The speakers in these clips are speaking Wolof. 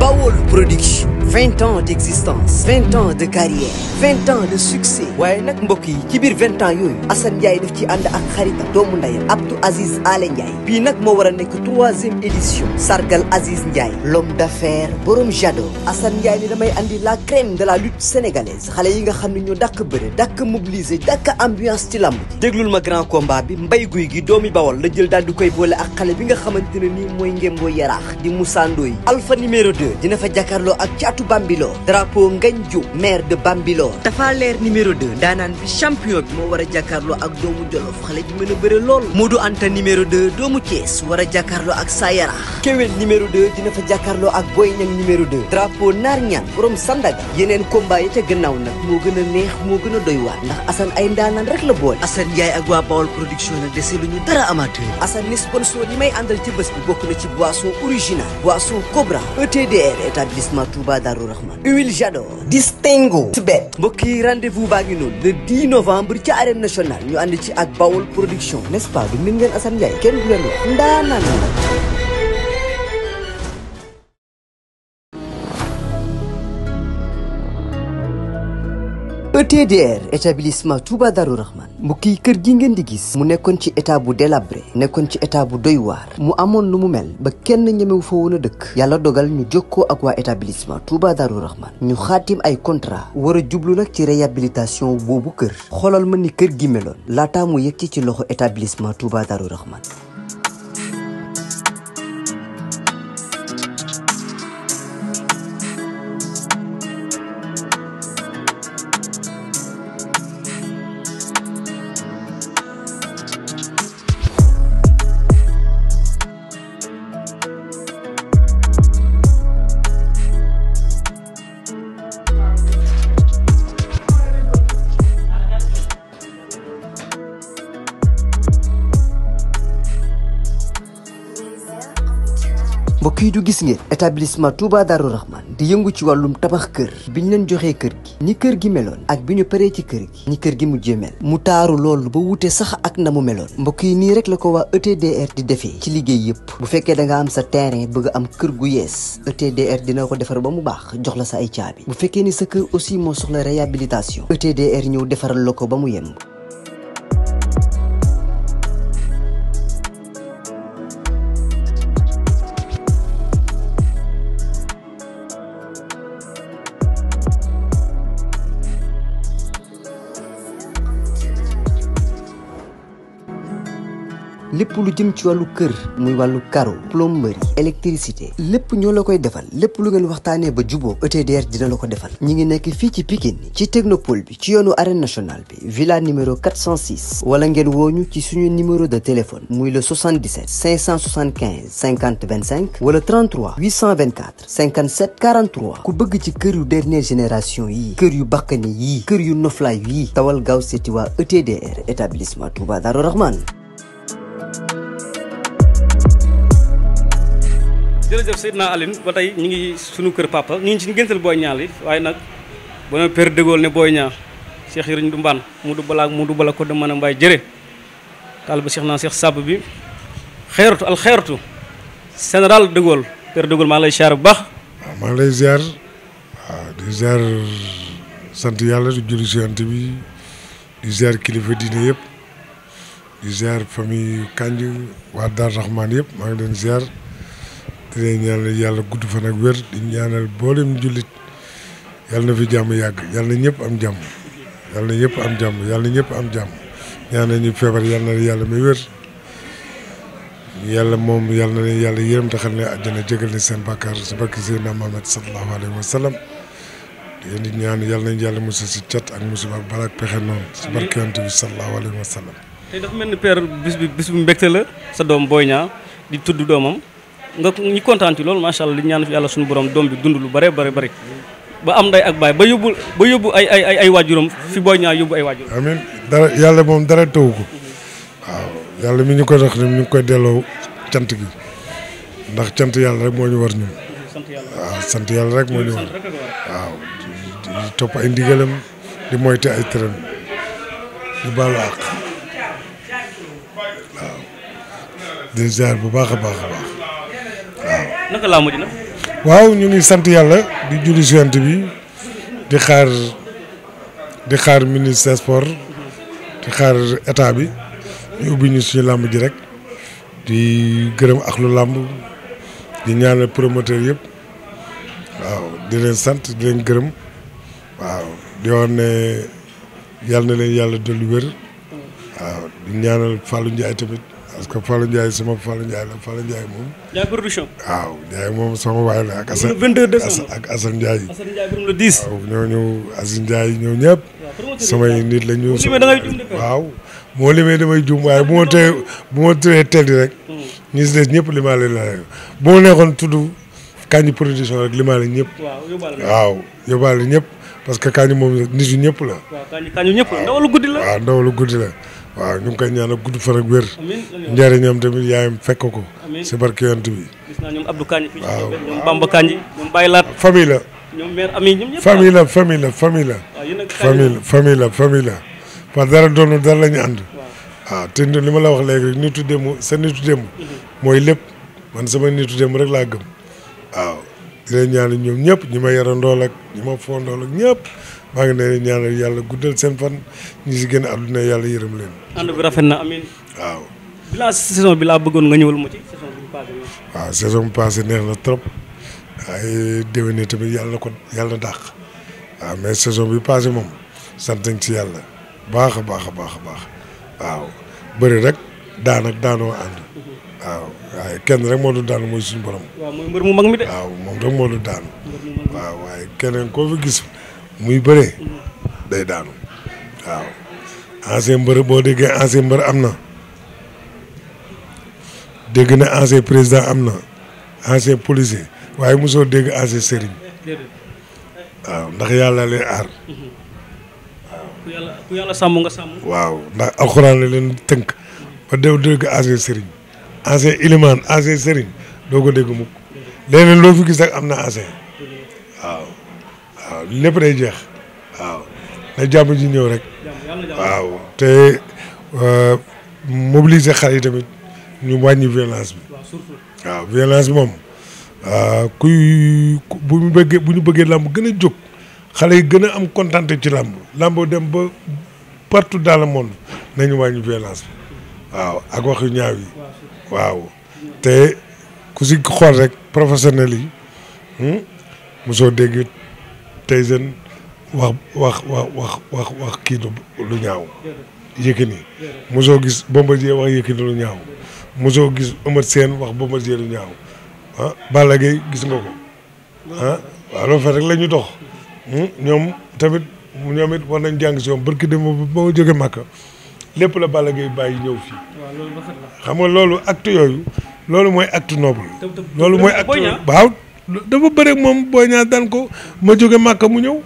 Bawol Production 20 ans d'existence 20 ans de carrière 20 ans de succès waaye nak mboki? ci bir 20 ans yooyu Assane Ndiaye def ci and ak xarita doomu ndaye Abdou Aziz Ale Ndiaye bii nak mo wara troisième édition sargal Aziz Ndiaye l'homme d'affaires borom jado Assane Ndiaye ni damay andi la crème de la lutte sénégalaise Xalé yi nga xamni ñu Dak dak ambiance ci lamb Deglul ma grand combat bi mbay guy gi doomi bawol la jël dal di koy boole ak xalé bi nga xamanteni ni moy di Moussa alpha numéro 2 2 dina fa jàkkaarloo ak caatu Bambilor drapeau Ngagne Diouf maire de Bambilor dafa leer numéro 2 daanaan bi champion bi moo war a jàkkaarloo ak doomu Jolof xale bi mën a bëre lool Modou Anta numéro 2 doomu Thiès war a jàkkaarloo ak Sayara Kewel numéro 2 dina fa jàkkaarloo ak booy Niang numéro 2 drapeau Naar Ñaan boroom Sandaga yeneen combat yi ca gannaaw nag moo gën a neex moo gën a doy waar ndax Assane ay ndaanaan rek la boole Assane Ndiaye ak waa Bawol production nag dese lu ñu dara amateur Assane ni sponsor yi may àndal ci bés bi bokk na ci boisson original boisson Cobra ETD DPR établissement Touba Darou Rahman huile Jador distingo Sbet mbokk yi rendez-vous baa ngi noonu le 10 novembre ci arène national ñu ànd ci ak Bawol production n'est-ce pas du ngeen Assane Ndiaye kenn du leen wax ndaanaan TDR établissement Touba Darou Rahman mbokki kër gi ngeen di gis mu nekkoon ci état bu délabré nekkoon ci état bu doy waar mu amoon lu mu mel ba kenn ñemewu fa woon a dëkk yàlla dogal ñu jokkoo ak waa établissement Touba Darou Rahman ñu xaatim ay contrat war a jublu nag ci réhabilitation boobu kër xoolal ma ni kër gi meloon laataa mu yegg ci ci loxo établissement Touba Darou Rahman mbokk yi du gis ngeen établissement Touba Darou di yëngu ci wàllum tabax kër bi ñu leen joxee kër gi ni kër gi meloon ak bi ñu paree ci kër gi ni kër gi mujjee mel mu taaru loolu ba wute sax ak na mu meloon mbokk yi nii rek la ko waa ETDR di defee ci liggéey yépp bu fekkee danga am sa terrain bëgg am kër gu yees ETDR dina ko defar ba mu baax jox la sa ay caabi bu fekkee ni sa kër aussi moo soxla réhabilitation ETDR ñëw defaral la ko ba mu yemb lépp lu jëm ci wàllu kër muy wàllu carreau plomberie électricité lépp ñoo la koy defal lépp lu ngeen waxtaanee ba juboo ETDR dina la ko defal ñi ngi nekk fii ci Pikine ci technopole bi ci yoonu arène nationale bi villa numéro 406 wala ngeen woñu ci suñu numéro de téléphone muy le 77 575 50 25 wala 33 824 57 43 ku bëgg ci kër yu dernière génération yi kër yu bakkane yi kër yu noflaay yi tawal gaaw seeti waa ETDR établissement Touba Darou Rahman jërëjëf Seydina Aline ba tey ñu ngi sunu kër papa ñu ngi ci ngéntal Boy Niang li waaye nag ba ma père de Gaulle ne Boy Niang Cheikh Yérim du mbaan mu du balaa mu du bala ko de mën a mbaay jëre Cheikh naa Cheikh Sàbb bi xeeratu al xeeratu général de Gaulle père de Gaulle maa lay ziar bu baax waaw ah, lay ziar ah, di ziar sant yàlla di julli si bi di ziar kilifa diine yëpp di ziar famille Kandji waa Dar Rahman yëpp maa ngi leen ziar di leen ñaanal yàlla gudd fan ak wér di ñaanal boolem jullit yàlla na fi jàmm yàgg yàlla na ñëpp am jàmm yàlla na ñëpp am jàmm yàlla na ñëpp am jàmm ñaanal ñu feebar yàlla na yàlla may wér yàlla moom yàlla na leen yàlla yërëm taxal ne àjjana jégal ne seen bàkkaar si bakki Seydina Muhammad sallallahu alayhi wa sallam yéen di ñaan yàlla nañ yàlla musal si cat ak musiba ak balaa pexe noonu si barkante bi sallallahu alayhi wa tey dafa mel ni père bis bi bis bu mbégte la sa doom Boy Niang di tudd doomam nga ñu kontaan ci loolu macha allah di ñaan fi yàlla suñu borom doom bi dund lu bare bare bare ba am nday ak baay ba a ba yóbbu ay ay ay ay waajuram fi Boy Niang yóbbu ay waajuram. amiin dara yàlla moom dara taw ko waaw yàlla mi ñu ko dox ni ñu koy delloo cant gi ndax cant yàlla rek moo ñu war ñun. sant yàlla rek moo ñu war waaw di topp ay ndigalam di moyte ay tëram di baalu àq. di ziar bu baax a baax a baax waaw. ñu ngi sant yàlla di julli sant bi di xaar di xaar ministre sport di xaar état bi ñu ubbi ñu suñu làmb ji rek di gërëm ak lu làmb di ñaanal promoteur yëpp waaw di leen sant di leen gërëm waaw di wax ne yàlla na leen yàlla dolli wér waaw di ñaanal Fallou Ndiaye tamit. parce que Fallou Ndiaye sama Fallou Ndiaye la Fallou Ndiaye moom. Ndiaye production. waaw Ndiaye moom sama waay la ak. Assane 22 décembre ak Assane Ndiaye. Assane Ndiaye bi le 10. waaw ñooñu Assane Ndiaye ñoo ñëpp. samay nit la ñu. waaw moo limee damay juum waaye bu ma tee bu ma tee teel rek. Hmm. ñu si des ñëpp limaa leen la bu ma neexoon tudd Kandji production rek limaa leen ñëpp. waaw yóbbaale ñëpp. parce que Kandji moom nit yu ñëpp la. waaw Kandji Kandji ñëpp la ndaw lu guddi la. waaw ndaw lu guddi la. waaw ñu ngi koy ñaanal gudd fan ak wér. njëriñam tamit yaayam fekk ko. si barke yonent bi. gis naa ñoom Abdou Kandji. waaw ñoom Bamba Kandji ñoom Baye Laat. famille la. ñoom mère Ami ñoom ñëpp. famille la famille la famille la. famille la famille la famille la. parce dara doonu dara la ñu ànd. waaw ah, te li ma la wax léegi nitu démb sa nitu démb. Mhm. mooy lépp man sama nitu démb rek laa gëm. waaw di leen ñaanal ñoom ñëpp ñi ma yarandoo ak ñi ma fondoo ak ñëpp. maa ngi leen ñaanal yàlla guddal seen fan ñi si gën a àdduna yàlla yërëm leen. ànd bi rafet na amin waaw. bilan saison bi laa bëggoon nga ñëwal ma ci saison bi passé. waaw saison bi passé neex na trop ay déwénee tamit yàlla ko yàlla dàq waaw mais saison bi passé moom sant nañ ci yàlla baax a baax a baax a baax waaw bëri rek daan ak daanoo ànd. waaw waaye kenn rek moo du daan mooy suñu borom. waaw mooy mbër mu mag mi de. waaw moom rek moo du daan. waaw waaye keneen koo fi gis. muy bëree day daanu waaw ancien mbër boo déggee ancien mbar am na dégg na ancien président am na ancien policier waaye mosoo dégg ancien sëriñ waaw ndax yàlla leen aar waaw ku yàlla ku nga sàmm waaw ndax alxuraan la leen tënk ba dew dégg ancien sëriñ ancien ilimaan ancien sëriñ doo ko dégg mukk leneen loo fi am na ancien lépp day jeex waaw na jàmm ji ñëw rek waaw te euh, mobiliser xale yi tamit ñu wàññi violence bi waaw violence bi moom euh, kuy bu bëggee bu ñu bëggee làmb gën a jóg xale yi gën a am kontaan ci làmb làmb dem ba partout dans le monde nañu wàññi violence bi waaw ak wax yu waaw te ku si xool rek professionnels yi hmm, mosoo dégg Tyson wax wax wax wax wax wax kii lu ñaaw Yékini mosoo gis Bombardier wax Yékini lu ñaaw musoo gis Eumeu seen wax Bombardier lu ñaaw ah Balla Gaye gis nga ko ah waaw loolu fa rek la ñu dox hmm, ñoom tamit ñoom it war nañ jàng si yoon barki dem ba ma jóge Màkka lépp la Balla Gaye bàyyi ñëw fii xam nga loolu acte yooyu loolu mooy acte noble loolu mooy acte waaw dafa bëre moom boy ñaan tan ko ma jóge màkka mu ñëw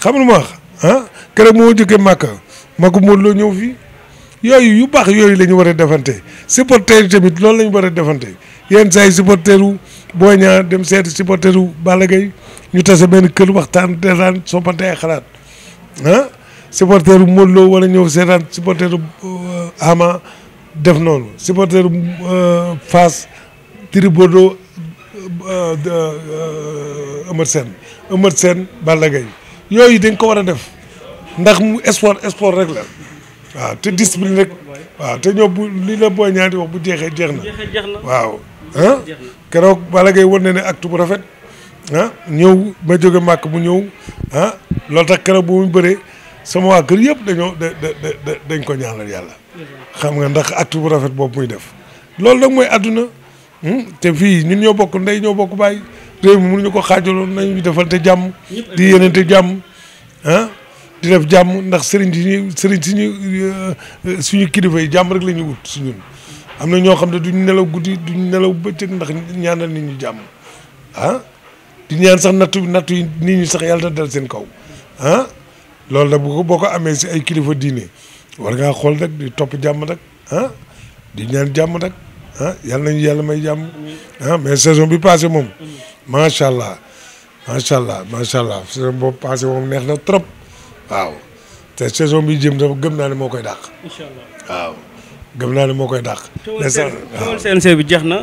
xam lu ma wax ah keroog mo jóge màkka ma ko Modou Lo ñëw fi yooyu yu baax yooyu lañu ñu war a defante supporter tamit loolu lañu ñu war a defante yenn saa yi boy ñaan dem seeti supporters Balla gay ñu tase benn kër waxtaan desaan soppante ay xalaat ah supporter bu Lo wala ñëw seetaan supporter euh, Ama def noonu supporter bu euh, Fass Euh, euh, Eumeu Sène Eumeu Sène Balla Gaye yooyu dañ ko war a def ndax mu sport sport rek la waaw te discipline rek waaw te ñoo bu li la booy ñaari wax bu jeexee jeex na waaw ah keroog Balla Gaye wan na ne acte bu rafet ah ñëw ma jóge màkk bu ñëw ah loolu tax keroog bu mu bëree sama waa kër yëpp dañoo da da dañ ko la yàlla xam nga ndax acte bu rafet boobu muy def loolu nag mooy àdduna Hmm? te fii ñun ñoo bokk ndey ñoo bokk baay réew mi mënuñu ko xaajaloon nañu defal te jàmm. di yéeneente jàmm ah. di def jàmm ndax sëriñ si ñuy sëriñ si euh, euh, kilifa yi jàmm rek la ñuy wut suñu am na ñoo xam ne duñ nelaw guddi duñ nelaw bëccëg ndax ñaanal nit ñu jàmm ah di ñaan sax nattu nattu yi nit ñi sax yàlla dal seen kaw ah loolu nag bu ko boo ko amee si ay kilifa diine war ngaa xool rek di topp jàmm rek ah. di ñaan jàmm rek. ah yàlla nañu yàlla may jàmm ah mais saison bi passé moom macha allah macha allah macha allah saison boobu passé moom neex na trop waaw te saison bi jëm dafa gëm naa ne moo koy dàq. incha allah waaw gëm naa ne moo koy dàq. coowal bi jeex na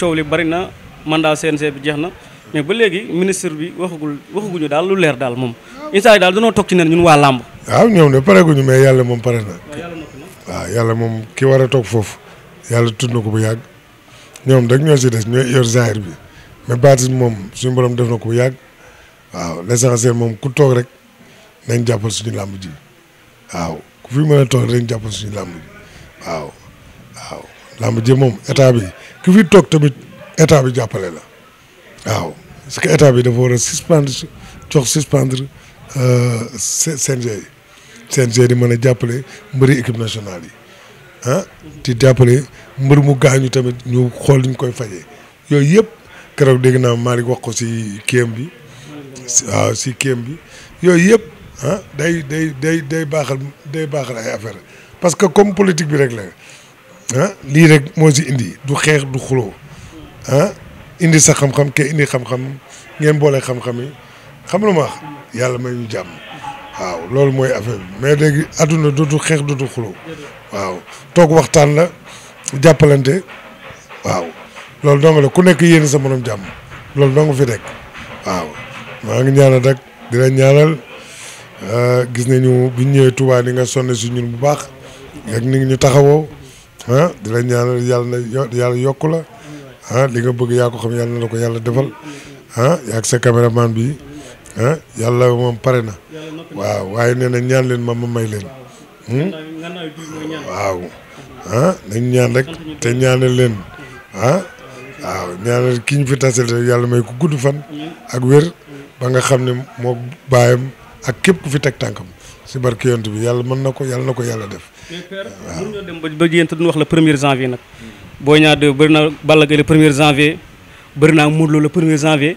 coow li bari na mandat CNG bi jeex na mais ba léegi ministre bi waxagul waxaguñu daal lu leer daal moom instant yii daal danoo toog ci nen ñun waa làmb. waaw ñoom de pareeguñu mais yàlla moom pare naa waaw yàlla moom ki war a toog foofu. yàlla tudd na ko bu yàgg ñoom dag ñoo si des ñooy yor zahir bi mais baatin moom suñu borom def na ko bu yàgg waaw l'essentiel moom ku toog rek nañ jàppal suñu làmb ji waaw ku mën a toog rek jàppal suñu làmb ji waaw waaw moom état bi ku fi toog tamit état jàppale la waaw parce que état bi dafa war a suspendre jox suspendre euh, CNG yi CNG di mën a jàppale mbari équipe nationale yi ah di jàppale mbër mu gaañu tamit ñu xool ñu koy fajee yooyu yëpp keroog dégg naa maari wax ko si kéem bi waaw si ah, kéem bi yooyu yëpp ah day day day day baaxal day baaxal ay affaire parce que comme politique bi rek la ah lii rek moo si indi du xeex du xuloo ah indi sa xam-xam ke indi xam-xam ngeen boole xam-xam yi xam lu ma yàlla may ñu jàmm waaw loolu mooy affaire bi mais léegi àdduna dootu xeex dootu xuloo waaw toog waxtaan la jàppalante waaw loolu dong la ku nekk yéen sa morom jàmm loolu dong fi nekk waaw maa ngi ñaanal rek di la ñaanal ah, gis nañu ñu ñëwee Touba ni nga sonne si ñun bu baax ak ni ñu taxawoo ah di la ñaanal yàlla na yàlla yokku la ah li nga bëgg yaa ko xam yàlla na la ko yàlla defal ah yaag sa caméraman bi Eh? yàlla moom pare na. waaw waaye nee na ñaan leen ma ma may leen. waaw hmm? ah, nañ ñaan rek te ñaanal leen ah waaw ñaanal ki ñu fi tasel yàlla may ku gudd fan ak wér ba nga xam ne moo baayam ak képp ku fi teg tànkam si barke yont bi yàlla mën na ko yàlla na ko yàlla def. waaw mën nga na ba ba jigéen wax le premier janvier nag. boo ñaar de bëri na Balla Gaye le janvier bëri naa Modou Lo le premier janvier.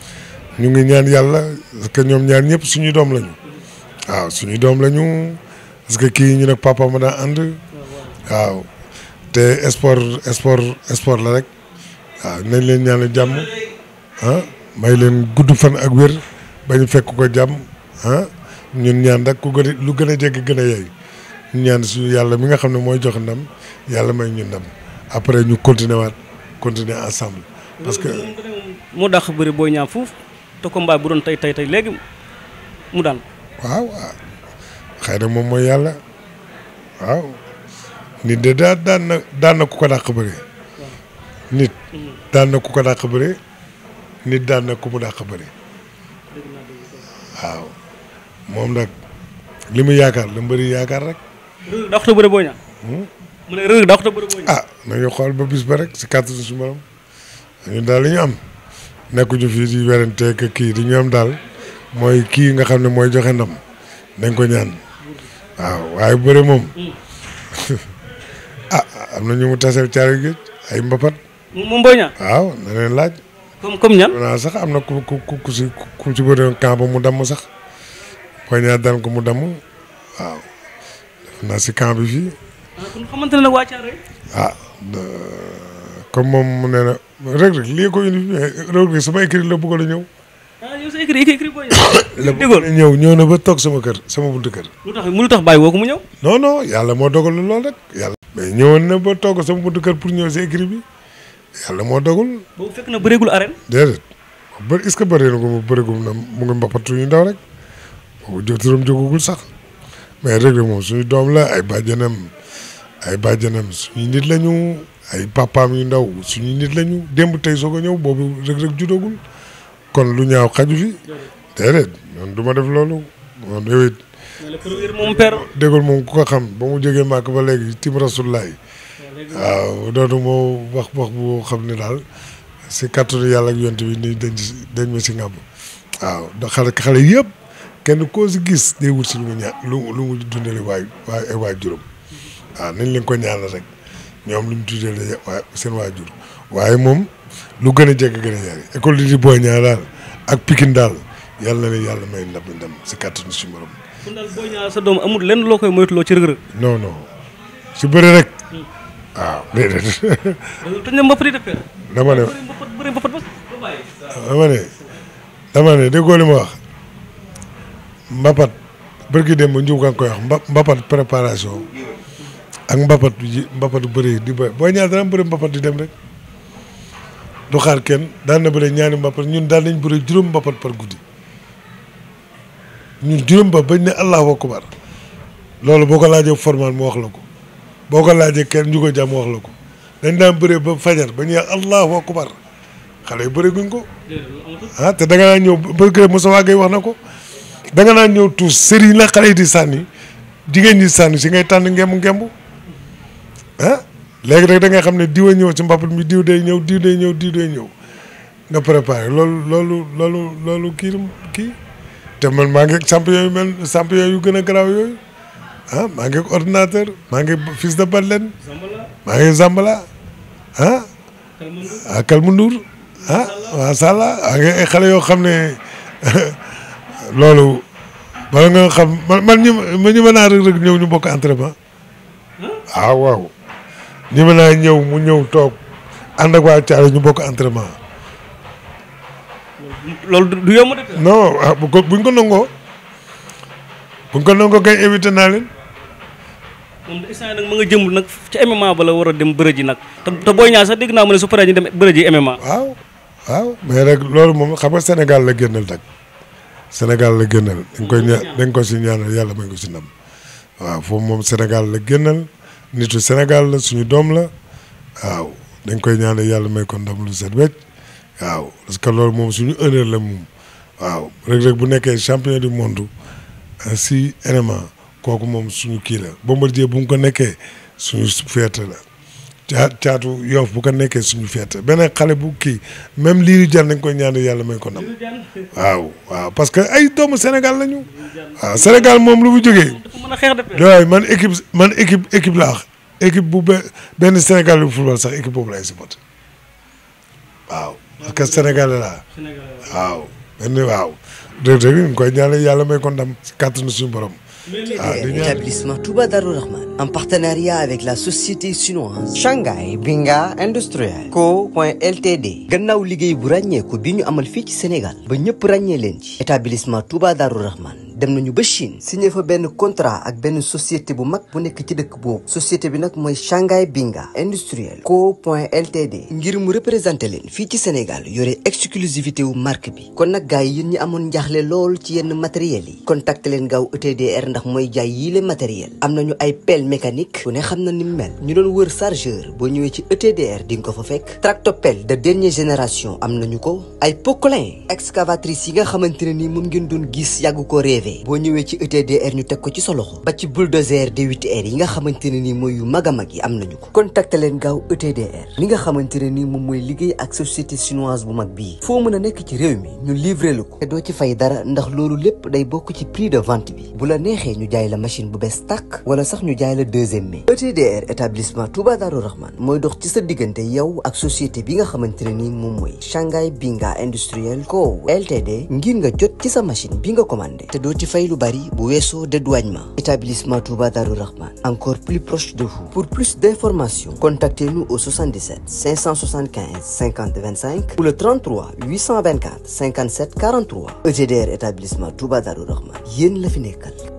ñu ngi ñaan yàlla parce que ñoom ñaar ñëpp suñu doom lañu waaw suñu doom lañu parce que kii ñu nag papa ma daa ànd waaw te sport sport sport la rek waaw nañ leen ñaanal jàmm ah may leen gudd fan ak wér ba ñu fekk ko jàmm ah ñun ñaan rek ku gën lu gën a jégg gën a yey ñu ñaan suñu yàlla mi nga xam ne mooy jox ndam yàlla may ñu ndam après ñu continuer waat continuer ensemble parce que. mu dax bëri booy ñaam foofu. te combat bu doon tey tey tey léegi mu daan. waaw xëy na moom mooy yàlla waaw nit de daan daan na hmm. daan na ku ko dàq bëre. nit daan na ku ko dàq bëre nit daan na ku dàq bëre waaw moom nag li mu yaakaar la mbëri yaakaar rek. dàq ta bëre boo ñaan. Hmm? ah nañu xool ba bis ba rek si kàttan su ma dañu daal li ñu am. nekkuñu fii di werante que kii di ñu daal mooy kii nga xam ne mooy joxe ndam dañ ko ñaan waaw waaye bëre moom ah am na ñu mu taseel caari géej ay mbapat. moom booy ñaan waaw na leen laaj. comme comme ñaan naa sax am na ku ku ku si ku si bëre ba mu dam sax booy ñaan daan ko mu damm waaw def naa si camp bi fii. Ah, comme moom mu nee na Reug Reug lii ko indi Reug Reug sama écrit la bëggoon ñëw. Ah, la bëggoon a ñëw ñëw na ba toog sama kër sama buntu kër. lu tax mu lu tax bàyyi woo ko mu ñëw. non non yàlla moo dogal lool rek yàlla. mais ñëwoon na ba toog sama buntu kër pour ñëw si écrit bi yàlla moo dogal. boobu fekk na bëreegul arène. déedéet ko mu bëreegul na mu ngi mbappatu ñu ndaw rek boobu joturam jógagul sax mais Reug Reug moom suñu doom la ay bàjjanam ay bàjjanam suñu nit lañu ay papaam yu ndaw suñu nit lañu démb tey soog a ñëw boobu Reug Reug juddoogul kon lu ñaaw xaju fi déedéet noonu du ma def loolu noonu yow moom ko xam ba mu jógee màkk ba léegi tim rasulaay waaw dootu moo wax wax bu xam ni daal si kàttanu yàlla ak yont bi nii dañ dañ ma si ngàmb waaw da xale yëpp kenn koo si gis day wut si lu mu ñaa lu lu mu waay waay waay juróom ah nañ leen ko ñaanal rek ñoom luñ tuddee la waaye seen waajur waaye moom lu gën a jege gën a yaari école di di booy ak pikin daal yàlla na leen yàlla may ndam ndam si kàttanu si morom. kon daal ñaar sa doom amul lenn loo koy lo ci rëg-rëg. non non si bëri rek. waaw ah, déedéet. dañ ne mbapat def dama ne bëri mbapat ba dama ne dama ne déggoo li wax mbapat dem wax mbapat préparation ak mbapat mbapat bëri di boy boy ñaar dana bëri mbapat di dem rek du xaar kenn daan na bëri ñaari mbapat ñun daan nañ bëri juróom mbapat par guddi ñun juróom ba bañ ne allahu akbar loolu boo ko formal mu wax la ko boo ko laajee kenn ñu ko jàmm wax la ko dañ daan ba fajar ba ñu allahu akbar xale yu guñ ko ah te da nga naa ñëw bërkëre Moussa gay wax na ko da nga naa ñëw tuus sëriñ la xale di sànni jigéen ñi sànni si ngay tànn ngemb ngemb ah léegi rek da nga xam ne diw a ñëw ci mbapat mi diw day ñëw diw day ñëw diw day ñëw nga préparé loolu loolu loolu loolu kii kii te man maa ngi samp yooyu mel samp yooyu gën a garaaw yooyu ah maa ngi ordinateur maa ngi fils de Badlen maa ngi Zambala ah ah Kalmundur ah waa Salla waa ngi ay xale yoo xam ne loolu bala nga xam man man ñu ma ñu mën rek rek ñëw ñu bokk entraînement ah waaw ñu mën naa ñëw mu ñëw toog ànd ak waa Thiaré ñu bokk entraînement. loolu du yomb de. non ah bu buñ ko nangoo buñ ko nangoo kay naa leen. moom instant nag ma nga jëm nag ci MMA ba war a dem bëre nag te te booy ñaar sax dégg naa mu ne su paree ñu dem bëre ji MMA. waaw waaw rek loolu moom xam nga Sénégal la génnal nag Sénégal la génnal. dañ koy ñaan dañ ko si ñaanal yàlla may ko si ndam waaw foofu moom Sénégal la génnal. nitu Sénégal la suñu doom la waaw dañ koy ñaanal yàlla may ko ndam lu set wecc waaw parce que loolu moom suñu la moom waaw Reug bu nekkee champion du monde euh, si MMA kooku moom suñu kii la Bombardier bu mu ko nekkee suñu fierté la caa caatu yoof bu ko nekkee suñu fierté beneen xale bu kii même liiru jan dañ koy ñaanal yàlla may ko waaw waaw parce que ay doomu Sénégal lañu waaw Sénégal moom lu mu jógee waaw man équipe man équipe équipe laa équipe bu benn Sénégal bu football sax équipe boobu laay supporté waaw. parce que sénégalais laa waaw. benn waaw. dëgg-dëgg ñu ngi koy ñaanal yàlla may ko ndam ci kàttanu suñu borom. L'établissement Touba Darou Rahman en partenariat avec la société chinoise Shanghai Binga Industrial Co point LTD gannaaw liggéey bu ràññeeku bi ñu amal fii ci Sénégal ba ñëpp ràññee leen ci établissement Touba Darou dem nañu ba Chine signé fa benn contrat ak benn société bu mag bu nekk ci dëkk boobu société bi nag mooy Shanghai Binga Industriel Co point LTD ngir mu représenté leen fii ci Sénégal yore exclusivité wu marque bi kon nag gars yi yéen ñi amoon njaaxle lool ci yenn matériels yi contacté leen gaaw ETDR ndax mooy jaay yii le matériel am nañu ay pel mécanique ku ne xam na ni mel ñu doon wër chargeur boo ñëwee ci et di nga ko fa fekk tractopelle de dernière génération am nañu ko ay poquelin excavatrice yi nga xamante ne ni moom ngeen doon gis yàgg ko rêvé ETDR boo ñëwee ci ETDR ñu teg ko ci sa loxo ba ci bulldozer D8R yi nga ne nii mooy yu mag a mag yi am nañu ko contacte leen gaaw ETDR mi nga xamante ne nii moom mooy liggéey ak société chinoise bu mag bii foo mën a nekk ci réew mi ñu livré lu ko te doo ci fay dara ndax loolu lépp day bokk ci prix de vente bi bu la neexee ñu jaay la machine bu bees tàkk wala sax ñu jaay la deuxième mai ETDR établissement Touba Darou Rahman mooy dox ci sa diggante yow ak société bi nga xamante ne nii moom mooy Shanghai Binga Industriel Co Ltd ngir nga jot ci sa machine bi ci établissement Touba Darou Rahman encore plus proche de vous pour plus d'informations contactez-nous au 77 575 50 25 ou le 33 824 57 43 ETDR établissement Touba Darou Rahman Yen, la